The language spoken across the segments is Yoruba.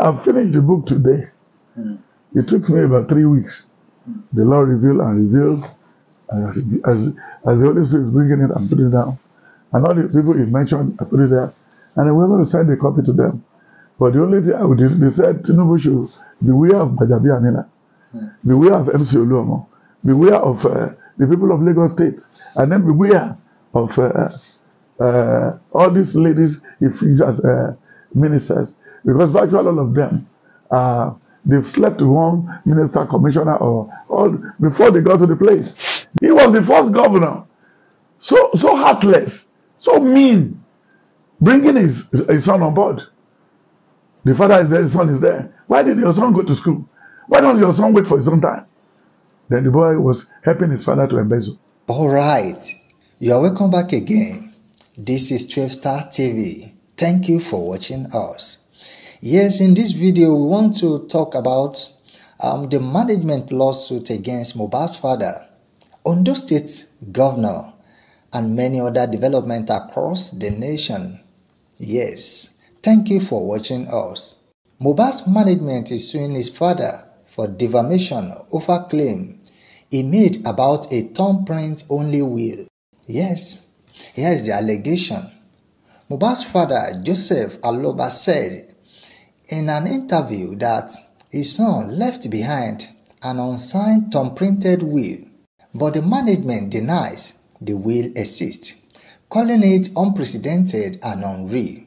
i am finished the book today. Mm. It took me about three weeks. Mm. The Lord revealed and revealed as, as, as the Holy Spirit is bringing it and putting it down. And all the people he mentioned, I put it there. And I went to send a copy to them. But the only thing I would do, they said, Tinubu should beware of Bajabi Amina, mm. beware of MC Oluomo, beware of uh, the people of Lagos State, and then beware of uh, uh, all these ladies if he's as uh, ministers. because virtually all of them uh, they've slept with one minister, commissioner, or all before they got to the place. He was the first governor, so so heartless, so mean, bringing his, his son on board. The father is there, his son is there. Why did your son go to school? Why don't your son wait for his own time? Then the boy was helping his father to embezzle. All right, you are welcome back again. This is Twelve Star TV. Thank you for watching us. Yes, in this video, we want to talk about um, the management lawsuit against Mubarak's father, Ondo State Governor, and many other developments across the nation. Yes, thank you for watching us. Mubarak's management is suing his father for defamation over claim he made about a thumbprint-only will. Yes, here is the allegation. Mubarak's father, Joseph Aloba, said in an interview that his son left behind an unsigned thumbprinted will, but the management denies the will exists, calling it unprecedented and unreal.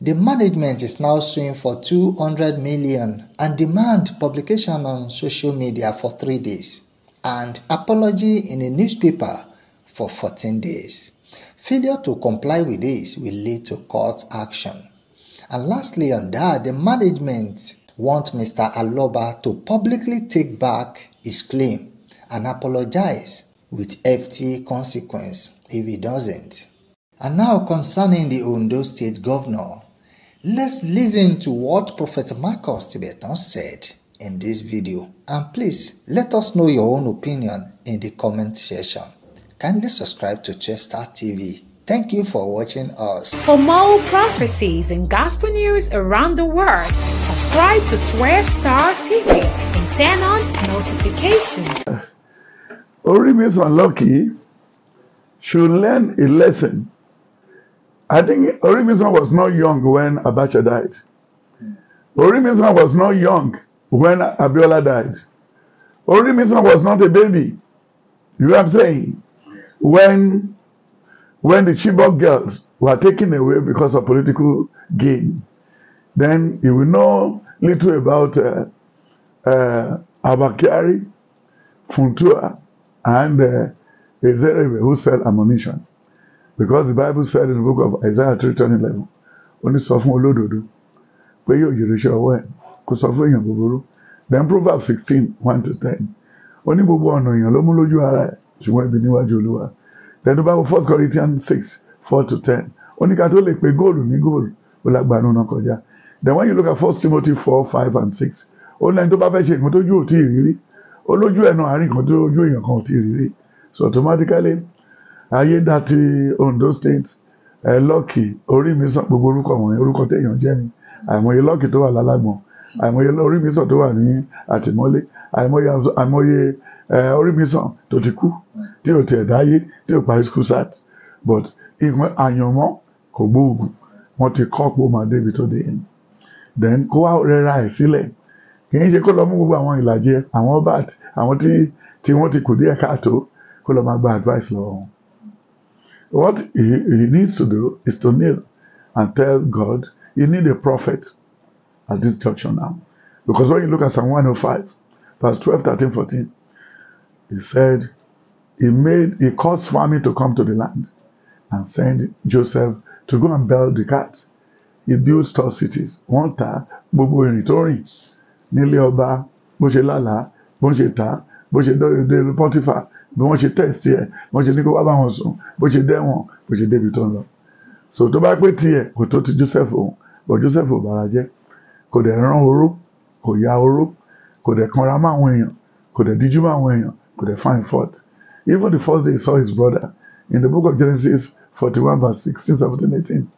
The management is now suing for 200 million and demand publication on social media for three days and apology in a newspaper for 14 days. Failure to comply with this will lead to court action. And lastly, on that, the management want Mr. Aloba to publicly take back his claim and apologize with hefty consequence if he doesn't. And now concerning the Ondo State Governor, let's listen to what Prophet Marcus Tibetan said in this video. And please let us know your own opinion in the comment section. Kindly subscribe to Chefstar TV Thank you for watching us. For more prophecies and gospel news around the world, subscribe to 12 Star TV and turn on notifications. Uh, Orimi's unlucky should learn a lesson. I think Orimi's was not young when Abacha died. Orimi's was not young when Abiola died. Orimi's was not a baby. You know what I'm saying? Yes. When when the Chibok girls were taken away because of political gain, then you will know little about uh, uh, Abakari, Funtua, and uh, Ezerebe who sell ammunition. Because the Bible said in the book of Isaiah 3:11, ó ní sọ fún olódodo pé yóò yèrè iṣẹ́ ọwọ́ ẹ̀ kó sọ èèyàn búburú. Then Proverbs 16:1-10, ó ní gbogbo ọ̀nà èèyàn ló mú lójú ara ẹ̀ ṣùgbọ́n ibi níwájú Olúwa ẹnu bá wo first Corinthians six four to ten oníkà tó lè pe góòlù ní góòlù ó lágbàánu náà kọjá then when you look at first Timothy four five and six Only in tó bá fẹ́ ṣe nǹkan tójú ò tí ì rírí ó lójú èèyàn kan ò tí ì so automatically ayé dá ti Ondo state ẹ lọ́ọ̀kì orí mi sàn gbogbo orúkọ wọ̀nyí orúkọ téèyàn jẹ́ ni àìmọye lọ́ọ̀kì tó wà lálàgbọ̀n àìmọye orí mi sàn tó wà ní àtìmọ́lé àìmọye orí mi sàn tó ti kú tí ò tẹ̀ dáyé tí ò parí school sat but ìpín àyànmọ́ kò gbóògùn wọ́n ti kọ́ pé ó máa débi tó dé yẹn then kó wá rẹra ẹ̀ sílẹ̀ kì í ṣe kó lọ mú gbogbo àwọn ìlàjẹ àwọn ọba àwọn tí wọ́n ti kù díẹ̀ káàtó kó lọ máa gba advice lọ́wọ́ What he, he needs to do is to kneel and tell God you need a prophet at this junction now because when you look at Psalm 105 verse 12, 13, 14 he said he made he caused famine to come to the land and sent Joseph to go and build the cat. He built store cities. Wọ́n ta gbogbo ìrìn tó rìn nílé ọba bó ṣe lálàá bó ṣe ta bó ṣe dọ́rẹ̀dẹ́ pọ́tífà bí wọ́n ṣe tẹ̀sí ẹ̀ wọ́n ṣe ní kó wá bá wọn sùn bó ṣe dẹ́wọ̀n bó ṣe débi tó ń lọ. so tó bá pé tiẹ̀ kò tó ti Joseph òun bọ̀ Joseph ò bára jẹ́ kò dẹ̀ rán oró kò ya oró kò dẹ̀ kanra máwọn èèyàn kò dẹ̀ díjú máwọn èèyàn kò dẹ̀ fine fault Even the first day he saw his brother in the book of Genesis 41 verse 16, 17, 18.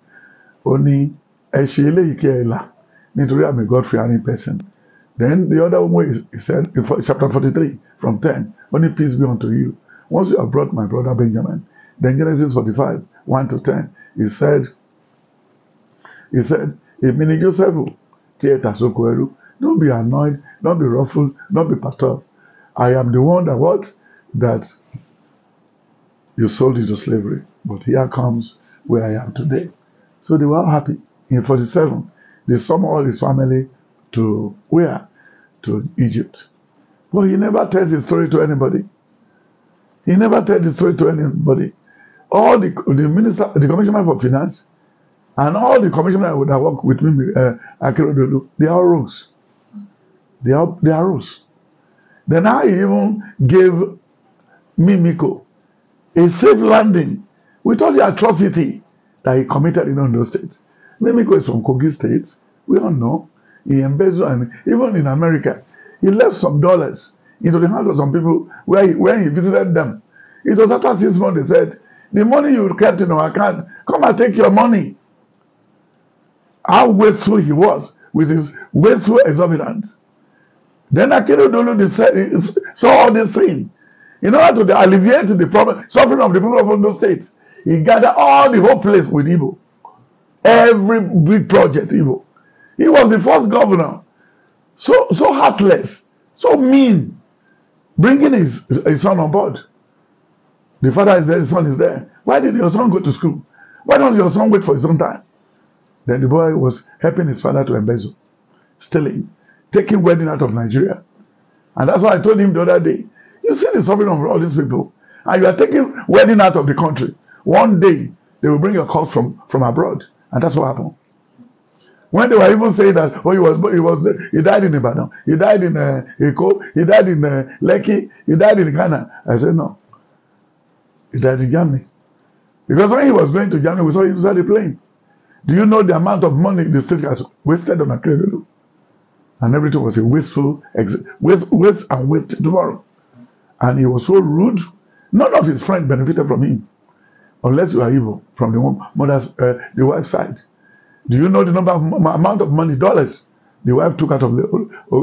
Ó ní ẹ ṣe eléyìí kí ẹ là nítorí àmì God-fearing person. Then the other one is, he said in chapter 43 from 10, only peace be unto you. Once you have brought my brother Benjamin. Then Genesis 45, 1 to 10, he said, he said, èmi ni Joseph tí ẹ tà sóko ẹrú. Don't be annoyed, don't be ruffled, don't be perturbed. I am the one that what? that you sold into slavery, but here comes where I am today. So they were happy. In 47, they summoned all his family to where? To Egypt. But he never tells his story to anybody. He never tells his story to anybody. All the, the minister, the commissioner for finance, and all the commissioners that work with me, uh, Akirodolu, they are rogues. They are, they are rogues. Then I even gave Mimiko a safe landing with all the atrocity that he committed in Ondo State. Mimiko is from Kogi State. We all know. He embezzled, and even in America, he left some dollars into the hands of some people where he, when he visited them. It was after six months they said, The money you kept in our account, come and take your money. How wasteful he was with his wasteful exorbitance. Then Akinodolu saw all this scene in order to alleviate the problem, suffering of the people of those states, he gathered all the whole place with Igbo. Every big project, Igbo. He was the first governor. So, so heartless, so mean, bringing his, his son on board. The father is there, his son is there. Why did your son go to school? Why don't your son wait for his own time? Then the boy was helping his father to embezzle, stealing, taking wedding out of Nigeria. And that's why I told him the other day You see the suffering of all these people, and you are taking wedding out of the country. One day they will bring your call from from abroad, and that's what happened. When they were even saying that, oh, he was he was he died in Ibadan, he died in uh, Eko, he died in uh, Lekki, he died in Ghana. I said no, he died in Germany, because when he was going to Germany, we saw he was the plane. Do you know the amount of money the state has wasted on a credit? And everything was a wasteful, waste, waste and waste tomorrow and he was so rude. None of his friends benefited from him, unless you are evil from the mother's, uh, the wife's side. Do you know the number of amount of money dollars the wife took out of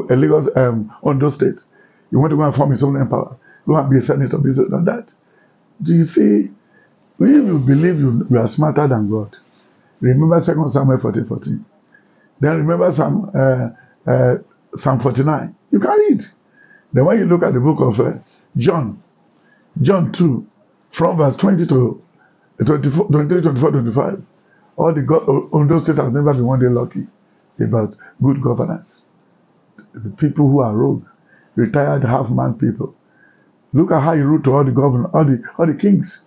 illegal uh, um, those State? He went to go and form his own empire? Go and be a senator, this and that. Do you see? If you believe you, you are smarter than God, remember Second Samuel 14, 14. Then remember Psalm, uh, uh, Psalm 49. You can read. Then when you look at the book of uh, John, John 2, from verse 20 to 24, 23, 24, 25, all the God, those State has never been one day lucky about good governance. The people who are rogue, retired half-man people. Look at how he ruled to all the governors, all the, all the kings,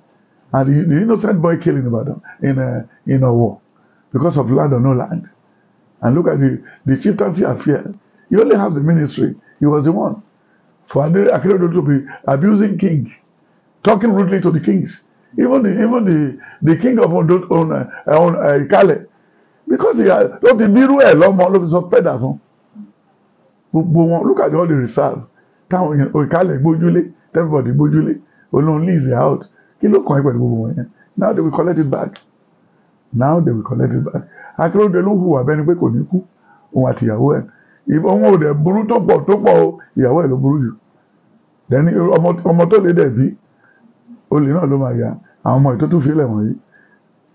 and the, the innocent boy killing about them in a, eh, in a war because of land or no land. And look at the, the chieftaincy affair. He only has the ministry. He was the one for Akeredolu to be abusing king, talking rudely to the kings, even the, even the, the king of Ondo, on, uh, on uh, Ikale, because they are ló ti bírú ẹ̀ lọ́mọ ló fi sọ pẹ́dà fún gbogbo wọn look at all the reserve táwọn in oh, Ikale Bojule. everybody Bojule. olóhùn lease out kí ló kàn é pẹ̀lú now they will collect it back now they will collect it back Akeredolu hùwà bẹ́ni pé kò Koniku. kú òun àtìyàwó ẹ̀ ìbọn wọn ò dẹ̀ burú tó pọ̀ tó pọ̀ o ìyàwó ẹ̀ ló burú jù dẹ́ni ọmọ tó lè dẹ̀ bí olè náà ló máa yá àwọn ọmọ ìtótó fílẹ̀ wọ̀nyí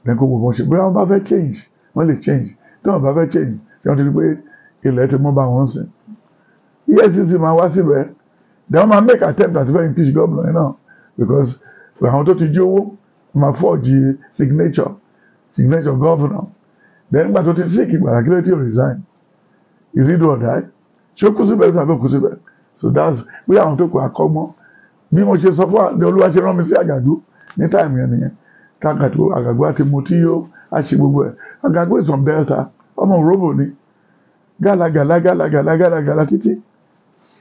dẹ́ni kò gbogbo ṣe bí wọ́n bá fẹ́ change wọ́n lè change tí wọ́n bá fẹ́ change ṣé wọ́n ti rí pé ilẹ̀ ti mú bá wọn sìn EFCC máa wá síbẹ̀ then wọ́n máa make attempt àti fẹ́ impeach government náà because àwọn tó ti jí owó máa forge signature signature governor then nígbà tó ti sick ìgbàlá kí ló ti resign is it do or die ṣé kú síbẹ̀ tàbí kú síbẹ̀ so that's bí àwọn tó kọ àkọ́mọ́ bí mo ṣe sọ fún àdé olúwa ṣe rán mi sí àgàgbó ní táìmù yẹn nìyẹn kákàtó àgàgbó àti mo tí yó a ṣe gbogbo ẹ̀ àgàgbó ìsàn bẹ́ẹ̀ta ọmọ òróbò ni gàlagàlà gàlagàlà gàlagàlà títí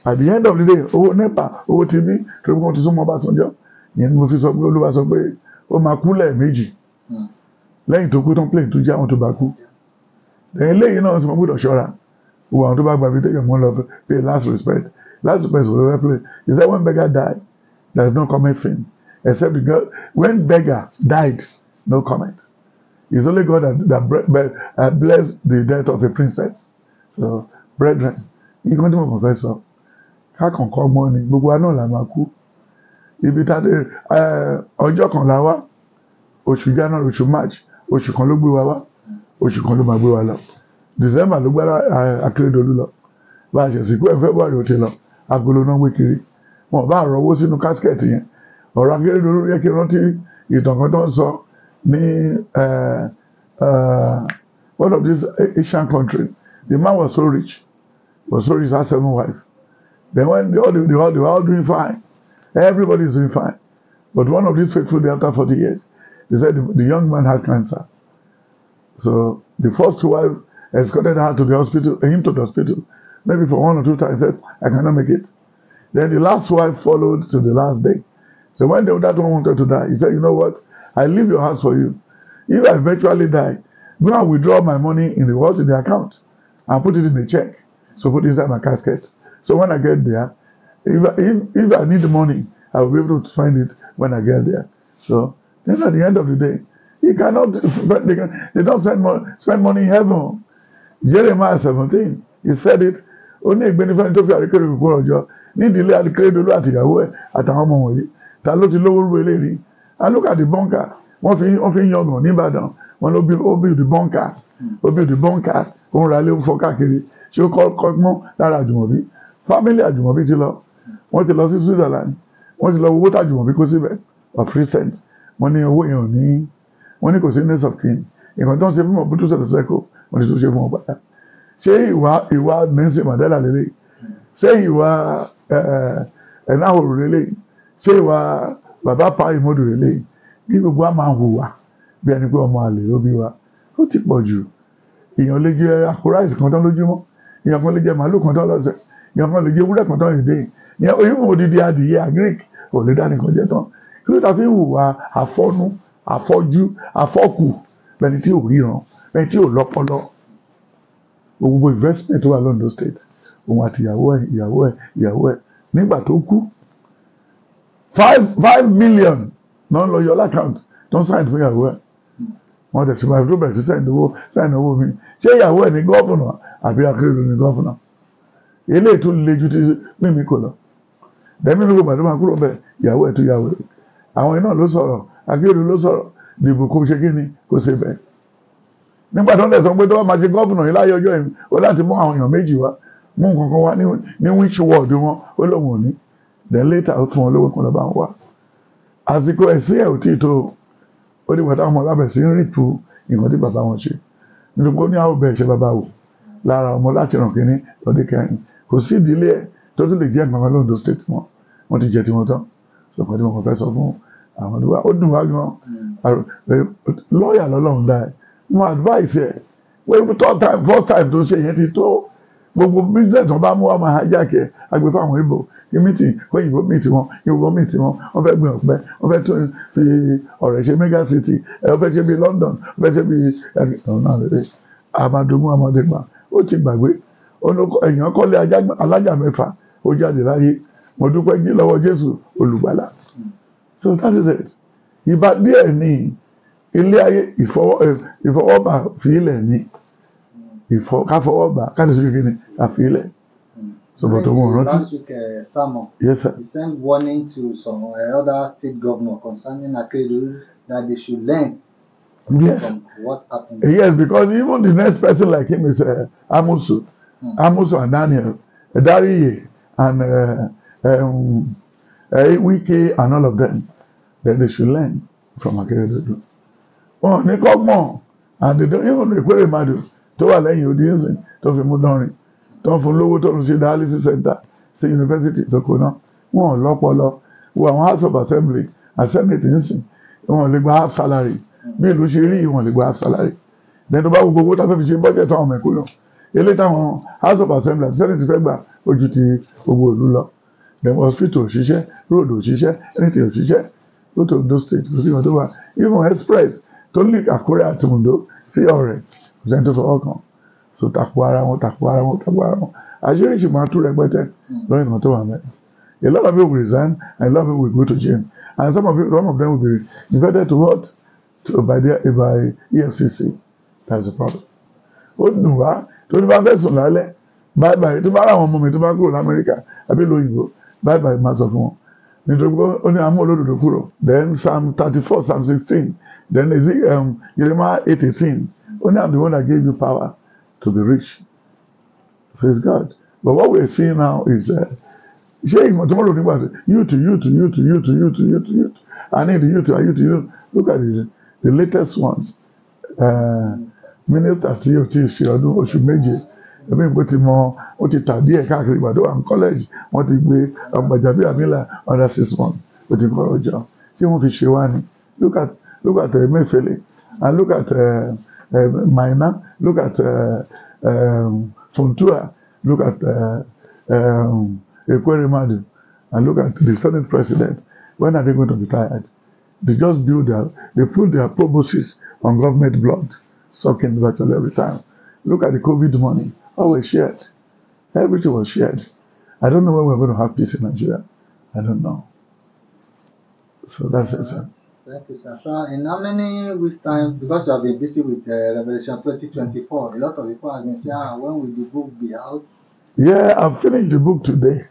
at the end of the day owó nepa owó ti bí torí wọn ti sún mọ́ Ọbásanjọ́ ìyẹn ni mo fi sọ pé olúwa sọ pé ó máa kú lẹ́ẹ̀mejì hmm. lẹ́yìn tó kú tán plane tó jẹ́ àwọn tó bá kú lẹ́yìn lẹ́yìn náà ti mọ̀ gbọ́dọ̀ ṣọ́ra gbogbo àwọn tó bá gba invitation wọn lọ pay last respect last respect for the way play Is that when beggar die there is no comment sin except the God when beggar died no comment it's only God that that, that uh, bless the death of a princess so brethren ìkọ́ tí mo kàn fẹ́ sọ kákànkọ́ mọ́ ni gbogbo àná là máa kú ibi tàdé ọjọ́ kan la wá oṣù january oṣù march oṣù kan ló gbé wa wá oṣù kan ló máa gbé wa lọ december ló gbára akérèdọ́lù lọ bá a ṣe sìnkú ẹ̀ february ó ti lọ agolo náà wé kiri wọn bá rọwọ́ sínú kásikẹ̀tì yẹn ọ̀rọ̀ akérèdọ́lù yẹ kí rántí ìtàn kan tó ń sọ ní one of these asian countries the man was so rich was so rich had seven wives then when they all they, they all they were all doing fine everybody is doing fine but one of these faithful day after forty years he said the, the young man has cancer so the first wife escorted her to the hospital, him to the hospital, maybe for one or two times, said, I cannot make it. Then the last wife followed to the last day. So when the, that one wanted to die, he said, you know what? I leave your house for you. If I eventually die, go and withdraw my money in the what in the account and put it in the check. So put it inside my casket. So when I get there, if I, if, if I need the money, I will be able to find it when I get there. So then at the end of the day, you cannot But they, can, they don't spend, money, spend money in heaven. Jeremiah seventeen he said it ó ní ìgbéni fẹ́ni tó fi àríkèrè òkú ọjọ́ ní ìdílé Akérédolú àtìyàwó ẹ̀ àtàwọn ọmọ wọ̀nyí ta ló ti lówó rú eléyìí and look at the bunker wọ́n fi wọ́n fi ń yangàn nìbàdàn wọn ló bí ó bí the bunker ó bí the bunker ó ń ra ilé ń fọ́ káàkiri ṣé ó kọ́ mọ́ lára àjùmọ̀bí family àjùmọ̀bí ti lọ wọ́n ti lọ sí Switzerland wọ́n ti lọ owó tàjùmọ̀bí kó síbẹ̀ of recent wọ́n ní owó yẹn ò ní wọ́n ní kò sí next of kin nǹkan tó ń ṣe fún mọ̀ bútú sẹ̀tẹ̀sẹ̀kọ̀ wọ́n ti tún ṣe fún wọn padà ṣé ìwà ìwà Nelson Mandela lélẹ̀ ṣé ìwà ẹ̀náhòrò lélẹ̀ ṣé ìwà bàbá pa ìmọ̀dù lélẹ̀ bí gbogbo a máa hùwà bí ẹni pé ọmọ àlè ló bí wa ó ti pọ̀ jù èèyàn lè jẹ àpò ráìsì kan tán lójúmọ́ èèyàn kan lè jẹ màálù kan tán lọ́sẹ̀ èèyàn kan lè jẹ ewúrẹ́ kan tán èdè èèyàn oyún òdìdí adìyẹ agric ò lè dá nìkan jẹ tán kí ló ta fi hùwà àfọ́nú àfọ́jú àfọ́kù lẹni tí ò ríran ẹni tí ò lọ́pọlọ gbogbo investment tó wà lọ́ndọ̀ state òun àti ìyàwó ẹ̀ ìyàwó ẹ̀ ìyàwó ẹ̀ nígbà tó kú five five million náà lọ yọ l'account tó ń sáìn fún ìyàwó ẹ̀ wọ́n tẹ̀ sí báyìí tó bẹ̀rẹ̀ sí sáìn owó sáìn owó mi ṣé ìyàwó ẹ̀ ní gọ́fúnà àbí Akérédolú ní gọ́fúnà eléyìí tó le ju ti mímí kò lọ dẹ́mi ní gbogbo àdúrà kúrò bẹ́ẹ̀ ìyàwó ẹ̀ tó yàwó àwọn iná ló sọ̀rọ̀ Akérédolú ló sọ̀rọ̀ dìbò kó ṣe kí ni kó ṣe bẹ́ẹ̀ nígbà tó ń tẹ̀sán pé tó bá máa ṣe gọ́vùnà yìí láyé ọjọ́ yìí ó láti mú àwọn èèyàn méjì wá mú nǹkan wá ní which ward wọn ó lóun ò ní then later ó fún wọn lówó kan lọ́ba ń wá àsìkò ẹ̀sìn ẹ̀ ò tí ì tó ó ní bàtà ọmọ lábẹ̀ sí ń rìpù nǹkan tí bàbá wọn ṣe nítorí pé ó ní àwọn bẹ̀ẹ̀ ṣe bàbá wò lára ọmọ láti ràn kínní lọ́dún kẹrin kò sí ìdílé ẹ̀ tó tún lè jẹ́ nǹkan kan state wọn wọ́n ti jẹ tí wọ́n tán ṣùgbọ́n tí wọ́n kàn fẹ́ sọ fún mo advice ẹ pé third time first time tó ṣe yẹn ti tó gbogbo business wọn bá mú wa máa hijack ẹ agbe fáwọn ibo ní meeting òyìnbó meeting wọn ìwòbó meeting wọn wọn fẹ́ gbin ọ̀pẹ wọn fẹ́ tún fi ọ̀rẹ́ ṣe mega city ẹ wọn fẹ́ ṣe bíi London wọn fẹ́ ṣe bíi ọ̀nà àlèrè amadomu amadegba ó ti gbàgbé èèyàn kọ́lé alájà mẹ́fà ó jáde láyé mo dúpẹ́ jí lọ́wọ́ Jésù olùgbàlà so that is it ìbá díẹ̀ nìyí ilé ayé eh, ìfọwọ́bà fìlẹ̀ ni káfọwọ́bà káàdùsí kékeré káfìlẹ̀ sọ̀bọ̀ tó wọ́n rántí. last week uh, he sent warning to some eh, other state governors concerning Akeredolu that they should learn yes. what happened. yes because even the next person like him is uh, Amusu hmm. Amusu and Daniel Dariye and uh, um, uh, Wike and all of them that they should learn from Akeredolu wọn ní kọ́gbọ̀n àdìdọ́ yóò lè péré màdù tó wà lẹ́yìn odi tó fi mú dánrin tó ń fún lówó tó ń ṣe dialysis center sí yunifásitì tó náà wọn ò lọ́pọlọ àwọn house of assembly assembly ti wọn lè gba half salary bí ìlú ṣe rí wọn lè gba half salary lẹ́yìn tó bá gbogbo owó tá a fẹ́ fi ṣe budget àwọn mẹ̀kúnnù ilé táwọn house of assembly àti fẹ́ gbà ojú ti gbogbo ìlú lọ dem hospital ò road ò anything ò ṣiṣẹ́ lótò ondo state kò sí ìwọ̀n tó wà even express tó ní Àkúrẹ́ àti Oǹdó sí ọ̀rẹ́ kò sẹ́ni tó fọwọ́ kàn so tako ara wọn tako ara wọn tako ara wọn àṣírí ṣì máa tú rẹpẹtẹ hmm. lórí nǹkan tó wà mẹ́ a lot of people resign and a lot of people go to jail and some of one of them will be invited to what to, by their by EFCC that's the problem ó dùn wá tó ní bá fẹ́ sùn lálẹ́ bye bye tó bá ra àwọn ọmọ mi tó bá kúrò lamẹ́ríkà àbí lóyìnbó bye bye máa sọ fún wọn nítorí ó ní amú olódodo kúrò then psalm thirty four psalm sixteen then is it um, Jeremiah eight eighteen ó ní I'm the one that gave you power to be rich praise God but what we are seeing now is uh, ṣé ìmọ̀ tí wọ́n lò nígbà tí youth youth youth youth youth youth youth I need youth I need youth look at the, the latest ones uh, minister tí o ti ṣe ọdún oṣù méje ẹbí nǹkó ti mọ ó ti tà díẹ̀ káàkiri ìgbà tó wà ní kọ́lẹ́jì wọ́n ti gbé ọgbàjàbí àmìlà under six months ó ti kọ́ ọjọ́ tí wọ́n fi ṣe wá ni look at look at uh, eh, Mefele and look at uh, Maina look at uh, Funtua look at uh, um, Ekweremadu and look at the Senate president when are they going to be tired they just build their they put their promises on government blood sucking virtually every time look at the COVID money. Holy shit. Everything was shared. I don't know when we're going to have peace in Nigeria. I don't know. So that's it, sir. Thank you, sir. So in how many weeks' time, because you have been busy with uh, Revelation 2024, a lot of people have been saying, ah, when will the book be out? Yeah, i am finished the book today.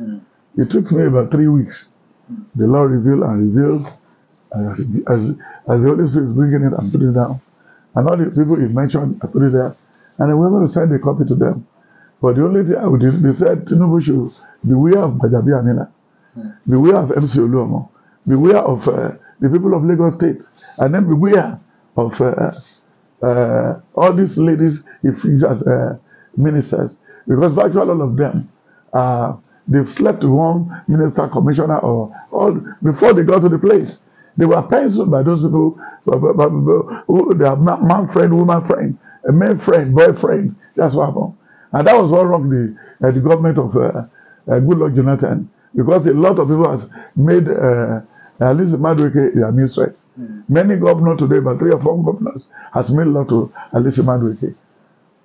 Mm. It took me about three weeks. Mm. The Lord revealed and revealed. As, as, as the Holy Spirit is bringing it, I'm putting it down. And all the people you mentioned, I put it there. and I'm going to send a copy to them. But the only thing I would uh, they said Tinubu should beware of Bajabi Amina, beware of MC Oluomo, beware of uh, the people of Lagos State, and then beware of uh, uh, all these ladies he fixes as uh, ministers, because virtually all of them uh, they've slept with one minister, commissioner, or all before they got to the place. They were penciled by those people, by, by, by, by, their man friend, woman friend, a man friend, boyfriend. That's what happened. And that was all wrong the, uh, the government of uh, uh, Good Lord Jonathan, because a lot of people has made uh, at least Madueke the administrator. Mm. Many governors today, about three or four governors, has made a lot to at least Madueke.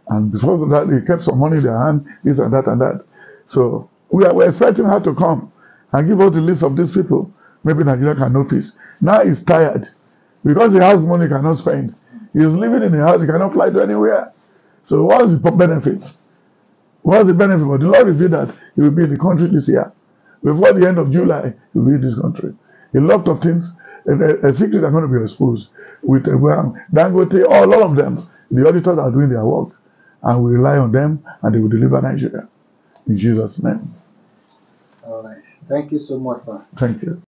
And before that, they kept some money in their hand, this and that and that. So we are, we're expecting her to come and give us the list of these people. Maybe Nigeria can know peace. Now he's tired because he has money he cannot spend. He's living in a house he cannot fly to anywhere. So what is the benefit? What is the benefit? But the Lord revealed that he will be in the country this year. Before the end of July, he will be in this country. A lot of things, a, secret are going to be exposed with uh, Abraham, Dangote, all of them. The auditors are doing their work, and we rely on them, and they will deliver Nigeria. In Jesus' name. All right. Thank you so much, sir. Thank you.